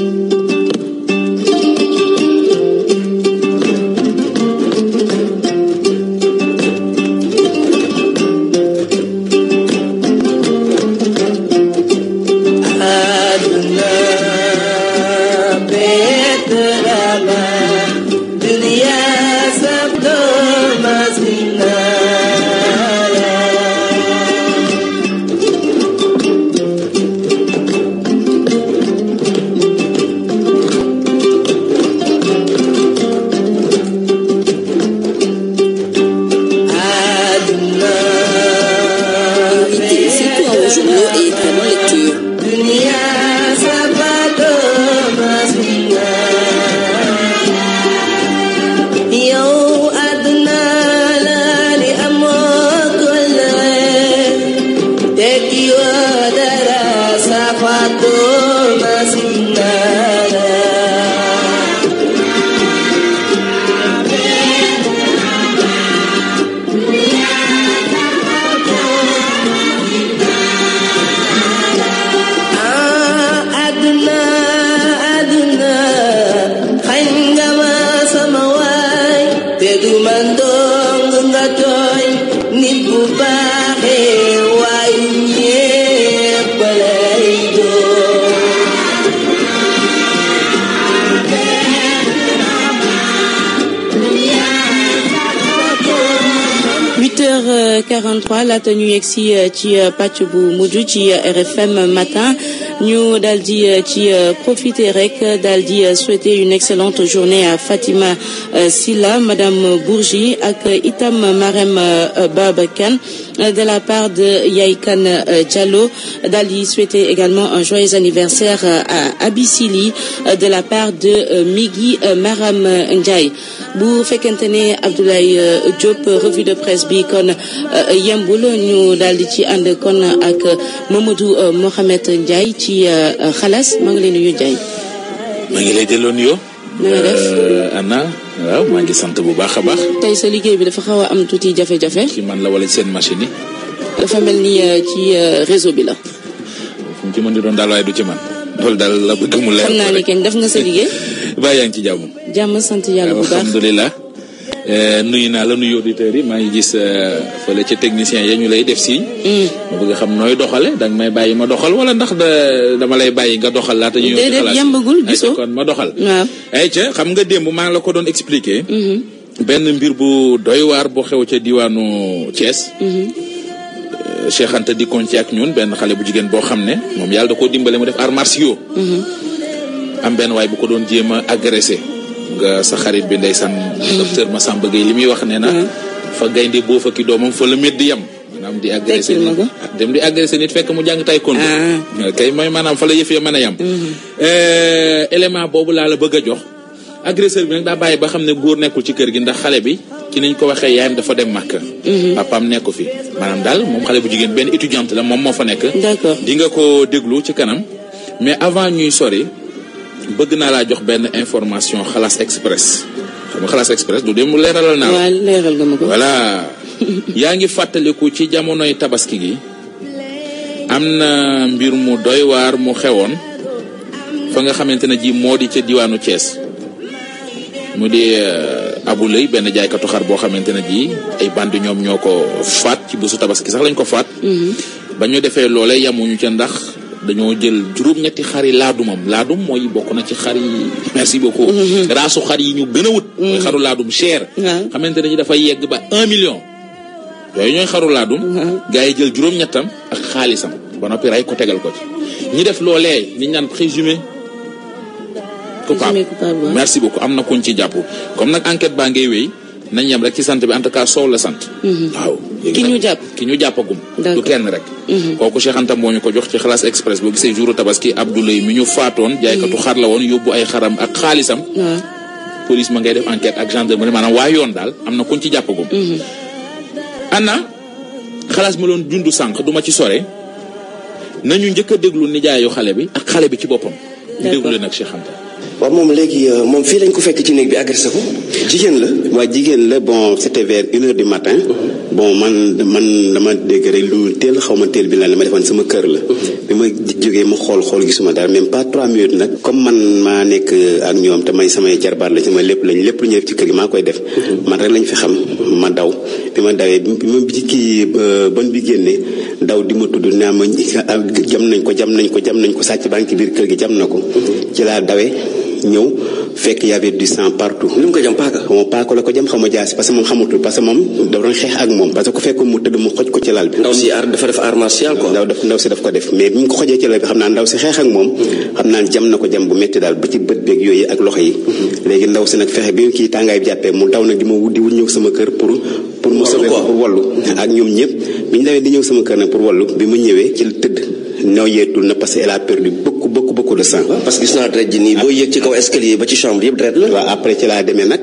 Thank you. 8h43 la tenue ici ti si ci euh, euh, RFM matin nous daldi di euh, ci profiter rek souhaiter une excellente journée à Fatima Silla Madame Bourgi ak itam Marem Babakan euh, de la part de Yaïkan euh, Diallo, d'Ali souhaiter également un joyeux anniversaire euh, à Abisili de la part de Migi Maram Ndiaye. bu Fekentene Abdoulaye Diop revue de presse Bicon, kon nous ñu daal di ci ande kon ak Mamadou Mohamed Ndiaye ci est maa ngi lay nuyu Ndiaye. maa ngi lay delloo nuyoo. Anna. waaw maa ngi sant bu baax a baax. tey sa liggéey bi dafa xaw a am tuuti jafe-jafe. ci man la wala seen machine yi. dafa mel ni euh, ci euh, réseau bi la. fu mu ci mën di doon daal waaye du ci man loolu daal la bëgg mu leer. xam naa ne kenn def nga sa liggéey. ba yaa ngi ci jàmm. jàmm sant yàlla bu baax Eh, nuyu naa la nuyu auditeurs yi maa ngi gis eh, fële ci technicien ya ñu lay def signe hmm. ma bëgg xam nooy doxale da nga may bàyyi ma doxal wala ndax da dama lay bàyyi nga doxal laata ñu déedéet yembagul gisoo kon ma doxal waaw ay ca xam nga démb maa ngi la ko doon expliquer mm-hmm. benn mbir bu doy waar bu xew ca diwaanu Thiès mm-hmm. eh, Cheikh Anta di kon ci ak ñun benn xale bu jigéen boo xam ne moom yàlla da koo dimbale mu def art martiaux mm-hmm. am benn waay bu ko doon jéem a agressé nga sa xarit bi ndaysan docteur Massamba Gueye li wax neena na mm-hmm. fa gaynde bo fa ki domam fa le medd yam manam ah, di agressé nit dem di agresser nit fekk mu jang tay kondo ah. ah, kay moy manam fa la yef ya mën a yam mm-hmm. eh, élément boobu laa la bëgg jox agresseur bi nak da baye ba xamne goor góor nekkul ci kër gi ndax xale bi ki niñ ko waxee yaayam dafa dem màkk mm-hmm. papaam nekku fi manam dal mom xale bu jigen ben étudiante la mom mo fa nekk di nga ko deglu ci kanam mais avant ñuy sori bëgg naa laa jox benn information xalaas express xam xalaas express du dem leeralal naa la leeral nga ma ko voilà yaa ngi fàttaliku ci jamonoy tabaski gi am na mbir mu doy waar mu xewoon fa nga xamante ne ji moo di ca diwaanu Thiès mu di euh, abu lëy benn jaaykatu xar boo xamante ne ji ay bandi ñoom ñoo ko faat ci bésu tabaski sax lañ ko faat mm-hmm. ba ñu defee loole yamuñu ca ndax dañoo jël juróom-ñetti xari laadumam laadum mooy bokk na ci xar yi merci beaucoup mm-hmm. raasu xar yi ñu gën a wut mooy mm-hmm. xaru laadum cher xamante nañu dafay yegg ba un million yooyu ñooy xaru laadum mm-hmm. gars yi jël juróom-ñettam ak xaalisam ba noppi rey ko tegal ko ci ñi def loole ñu naan présumé coupable merci beaucoup am na koñ ci jàpp comme nag enquête baa ngay wéy nañ yem rek ci sant bi en tout cas soow la sant. Mhm. waaw ki ñu jàpp ki ñu jàppagum. du kenn rek. Mhm. kooku Cheikh Anta moo ñu ko jox ci xalaas express boo gisee jouru tabaski Abdoulaye mi ñu faatoon. Mhm. jaaykatu xar la woon yóbbu ay xaram ak xaalisam. police ma ngay def enquête ak gendarmerie maanaam waa yoon daal am na kuñ ci jàppagum. anna xalaas ma loon jundu sànq duma ci sore nañu njëkk a déglu nijaayu xale bi ak xale bi ci boppam. ñu déglu nag Cheikh waaw moom léegi euh, moom fii lañ ko fekk ci néeg bi agressé ko jigéen la. waaw jigéen la bon c'était vers une heure du matin. Mhm. bon man man dama dégg rek lu teel xaw ma teel bi lan la ma defoon sama kër la. Mhm. bi ma jógee ma xool xool gisuma dara même pas trois nag comme man maa nekk euh, ak ñoom may samay jarbaat la sama lépp lañ lépp lu ñu ci kër gi maa koy def. Mhm. man rek lañ fi xam ma daw bi ma dawee bi ma bi kii euh, ban bi génnee daw di ma tudd naa ma jam nañ ko jam nañ ko jam nañ ko sàcc baa biir kër gi jam na ko. ci laa dawee. ñëw fekk y avait du sang partout. lu mu ko jam paaka. xaw ma paaka la ko jam xamu ma jaasi parce que mom xamatu parce que mom da doon xex ak mom parce que ku fekk mu tëdd mu xoj ko ci lal bi. ndaw si ar dafa def art martial quoi. ndaw daf ndaw si daf ko def mais bi mu ko xojee ci lal bi xam naa ndaw si xeex ak moom. Mm-hmm. xam naa jam na ko jam bu metti daal ba ci bët beeg yooyu ak loxo yi. Mm-hmm. léegi ndaw si nag fexe bi kii tàngaay bi jàppee mu daw nag di ma di ñëw sama kër pour. pour mu sauver pour wallu mm-hmm. ak ñoom ñëpp bi ñu dawee di ñëw sama kër nag pour wallu bi mu ñëwee ci tëdd néew yeetul na parce que elle a perdu beaucoup beaucoup de sang. Hein? parce que gis naa deret ji nii boo yéeg ci kaw escalier ba ci chambre yëpp deret la. waaw après ci laa demee nag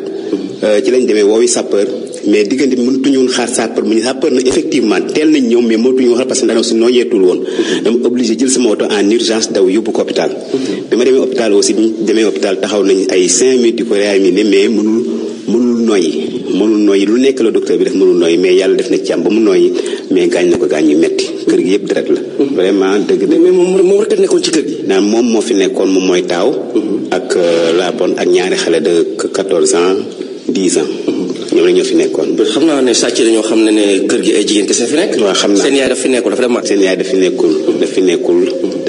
euh, ci lañ demee woowi sapeur mais diggante bi mënatuñu woon xaar sapeur mu ñu sapeur na effectivement teel nañ ñoom mais mënatuñu waxal parce que ndax si nooyeetul woon. Mm-hmm. dama obligé jël sama oto en urgence daw yóbbu ko hôpital. Mm-hmm. bi ma hôpital aussi bi hôpital taxaw nañ ay cinq minutes di ko réanimé mais mënul mënul noyyi mënul noyyi lu nekk la docteur bi def mënul noyyi mais yàlla def na ci am ba mu noyyi mais gaañ na ko gaañ metti kër gi yëpp deret la. Mhm. vraiment dëgg moom moom moo war a nekkoon ci kër gi. naan moom moo fi nekkoon moom mooy taaw. Mhm. ak euh, la bonne ak ñaari xale de 14 ans 10 ans. Mhm. ñoom la ñoo fi nekkoon. xam naa ne sàcc dañoo xam ne ne kër gi ay jigéen kese fi nekk. waaw xam naa seen yaay daf fi nekkul dafa dem seen yaay daf fi nekkul daf fi nekkul.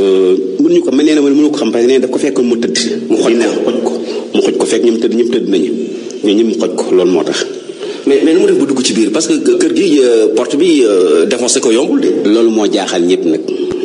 Euh, mun ñu ko mel nee na mënu ko xam parce nee na daf ko fekk mu tëdd. mu xoj ko mu xoj ko fekk ñoom tëdd ñoom tëdd nañu ñu mu xoj ko loolu moo tax. mais mais nu mu def ba dugg ci biir parce que kër gi euh, porte bi euh, défoncé ko yombul de. loolu moo jaaxal ñëpp nag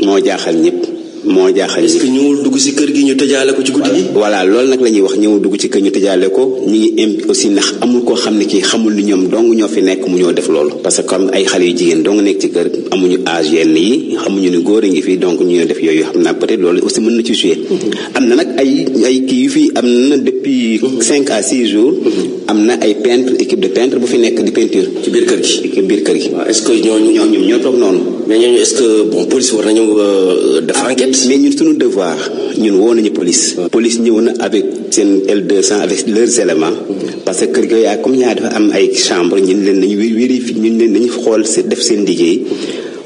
moo jaaxal ñëpp. moo jaaxal est-ce que ñëwul dugg si kër gi ñu tëjaale ko ci guddi gi. voilà loolu nag lañuy wax ñëwul dugg ci kër ñu tëjaale ko ñu ngi imp aussi ndax amul koo xam ne kii xamul ni ñoom dong ñoo fi nekk mu ñoo def loolu. parce que comme ay xale jigéen dong nekk ci kër amuñu âge ni góor a ngi fi ñu def yooyu xam naa peut-être loolu aussi mën na ci jouer. Mm-hmm. am na ay ay kii yu fi am depuis. Mm-hmm. cinq à jours. Mm-hmm. am na ay peintre équipe de peintre bu fi nekk di peinture. ci biir kër gi ci biir kër gi. est-ce que ñooñu ñoo toog noonu. mais ñooñu est-ce que bon police war nañu euh, def ah, enquête mais ñun suñu devoir ñun woo nañu police police ñëw na avec seen L200 avec leurs éléments parce que kër ga comme ñaa dafa am ay chambre ñun leen nañu vérifier ñun leen nañu xool se def seen liggéey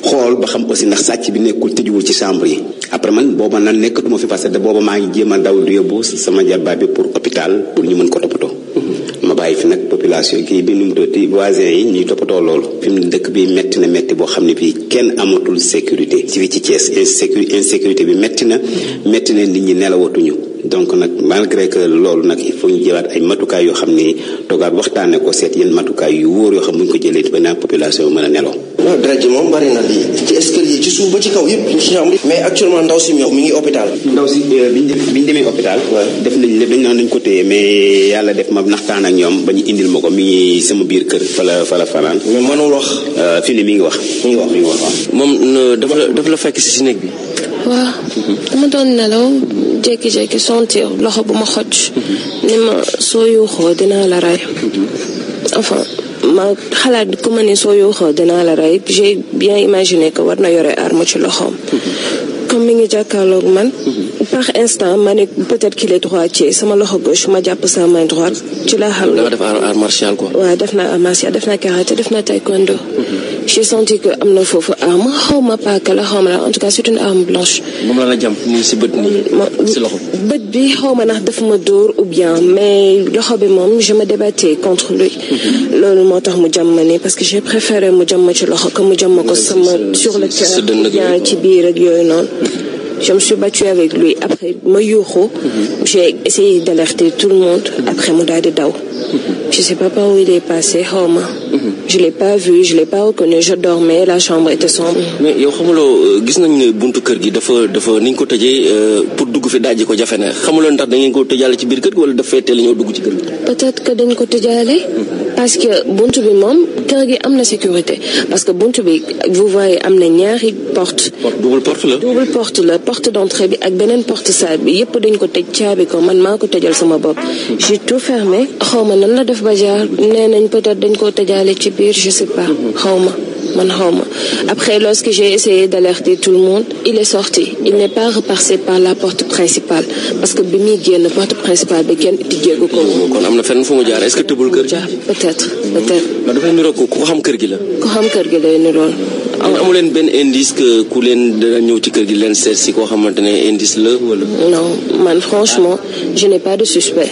xool ba xam aussi ndax sàcc bi nekkul tëjuwul ci chambre yi après man booba nan nekkatuma fi parce que booba maa ngi jéem a daw du yóbbu sama jarbaat bi pour hôpital pour ñu mën ko toppatoo ma bàyyi fi nag population kii bi nu mu tuddati voisin yi ñuy toppatoo loolu fi dëkk bi metti na metti boo xam ne fii kenn amatul sécurité ci fi ci Thiès insécurité bi metti na metti na nit ñi nelawatuñu donc nag malgré que loolu nag il faut ñu jëlaat ay matukaay yoo xam ni toogaat waxtaane ko seet yenn matukaay yu wóor yoo xam buñ ko jëlee ba naan population mën a neloo ci ci suuf ba ci kaw yëpp ci ñoom mais actuellement ndaw si mi ngi hôpital ndaw si biñ biñ demee hôpital def nañ lépp dañ naan dañ ko téye mais yàlla def ma naxtaan ak ñoom ba ñu indil ma ko mi ngi sama biir kër fa la fala fala fanaan mais mënul wax fi ne mi ngi wax mi ngi wax mi ngi wax moom dafa la dafa la fekk si si néeg bi waaw dama doon nelaw jékki-jékki sentir loxo bu ma xoj ni ma soo yuuxoo dinaa la rey enfin ma xalaat ku ma ne soo yuuxoo dinaa la rey j'ai bien imaginé que war na yore arme ci loxoom comme mi ngi jàkkaarlook man par instant ma ne peut-être qu'il est droitier sama loxo gauche ma jàpp sa main droite ci laa xam ne def na art martial quoi waaw def na art def na karaté def na taekwondo j'ai senti que am na arme la xawma en tout cas c'est une arme blanche. mom la la si loxo. bi ma ou bien mais je me débattais contre lui. Mhm. parce que j'ai préféré mu que mu sur le terrain. ci biir ak je me suis battue avec lui. Après, j'ai essayé d'alerter tout le monde. Après, mon dao. Je sais pas par où il est passé, homme. Je l'ai pas vu, je l'ai pas reconnu. Je dormais, la chambre était sombre. Mais fi dajji ko jafe na xamuloon ndax da ko tëjaale ci biir kër gi wala daf fee teel a ñëw dugg ci kër gi. peut-être que dañ ko tëjaale. parce que buntu bi moom kër gi am na sécurité parce que buntu bi vous yi am na ñaari porte. porte double porte la. double porte la porte d'entrée bi ak beneen porte salle bi yëpp dañ ko tëj caabi ko man maa ko tëjal sama bopp. j'ai tout fermé xaw ma nan la def ba jaar nee nañ peut-être dañ koo tëjaale ci biir je sais pas xaw ma man xaw ma. Après, lorsque j'ai essayé d'alerter tout le monde, il est sorti. Il n'est pas repassé par la porte principale parce que bi muy la porte principale bi kenn tijjeegu ko. kon est-ce que tu tëbul kër. peut-être peut-être. mais dafay niroog ko ku xam kër gi la. ku xam kër gi lay niroon. amu leen benn indice que ku leen dana ñëw ci kër gi leen seet indice la wala. non franchement je n'ai pas de suspect.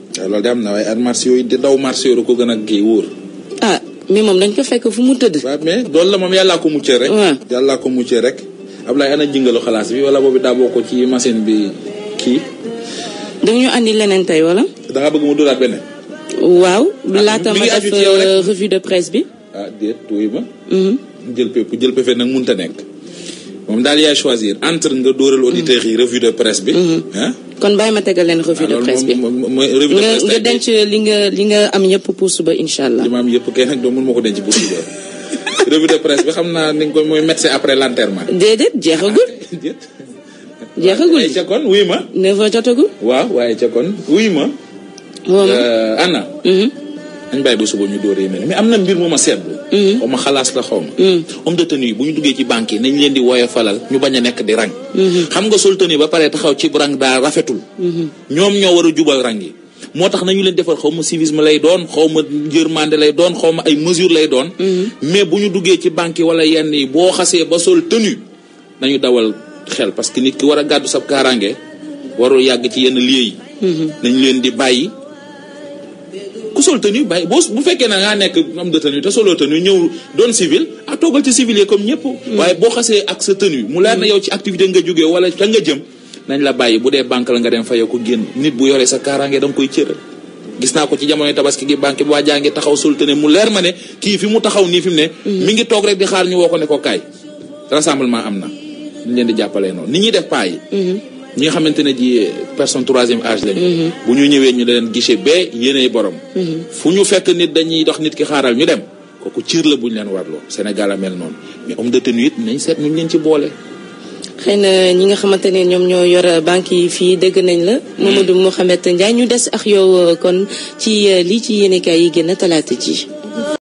loolu de am na waaye ar martiaux di daw martiaux ru ko gën a kii wóor. ah mais moom dañ ko fekk fu mu tëdd. waaw mais loolu la moom yàllaa ko muccee rek. waaw yàllaa ko muccee rek. Ablaye ana jëngalu xalaas bi wala boobu daa bokk ci machine bi kii. da ñu andi leneen tey wala. danga bëgg mu dulaat beneen. waaw ah, laata ma def euh, revue de presse bi. ah déet tuuti ma. Mhm. jël pepp jël pefe nag mënut ta nekk. moom daal yaay choisir entre nga dóoral auditeur yi revue de presse bi. Mhm. kon bàyyi ma tegal leen revue de ah, presse bi nga denc li nga li nga am yëpp pour suba incha allah. ma yëpp kay nag doo mun ma ko denc pour suba. revue de presse bi xam naa ni nga koy mooy médecin après l'enterrement. déedéet jeexagul. jeexagul waaye ca kon wuy ma. neuf heures jotagul. waaw waaye ca wuy ma. Euh, Anna. Mm-hmm. bay bu su bu ñu dóoree mel mais amna mbir moma ma seetlu o mm. ma xalaas la xaw ma mm. de tenue bu ñu duggé ci banque nañ leen di woyé falal ñu baña nek di rang mm-hmm. xam nga sul tenue ba paré taxaw ci rang da rafetul mm-hmm. ñom ño wara jubal rang yi motax nañu leen defal xawma civisme lay doon xawma ma lay doon xawma ay mesure lay doon mm-hmm. mais bu ñu ci banque wala yenn yi bo xasse ba sol tenue nañu dawal xel parce que nit ki wara gaddu sab karangé warul yag ci yenn lieu yi nañ leen di bayyi ku sol tenue bay bo bu fekke na nga nek am de tenue te solo tenue ñew don civil ah togal ya hmm. hmm. ci civil yi comme ñepp waye bo xasse ak sa tenue mu leer na yow ci activité nga jógee wala ta nga jëm nañ la bayyi bu dé bank la nga dem fayé ko genn nit bu yoré sa karangé ya, dang koy cëral gis na ko ci jamono ya tabaski gi bi taxaw sol tenue mu leer ma ne kii fi mu taxaw ni fi mu ne hmm. mi ngi tok rek di xaar ñu woko né ko kay rassemblement amna ñu leen di jappalé non ni ñi def pay ñi nga xamante ne ji personne troisième âge lañu. Mm-hmm. bu ñu ñëwee ñu leen gisee ba yéenay borom. Mm-hmm. fu ñu fekk nit dañuy dox nit ki xaaral ñu dem kooku ciir la bu ñu leen warloo Sénégal a noonu mais homme de tenue it nañ seet ñu leen ci boole. xëy na ñi nga xamante ne ñoom ñoo yor banque yi fii dégg nañ la moo mm-hmm. Mamadou Mouhamed Ndiaye ñu des ak yow euh, kon ci euh, lii ci yéenekaay yi gën a talaata ji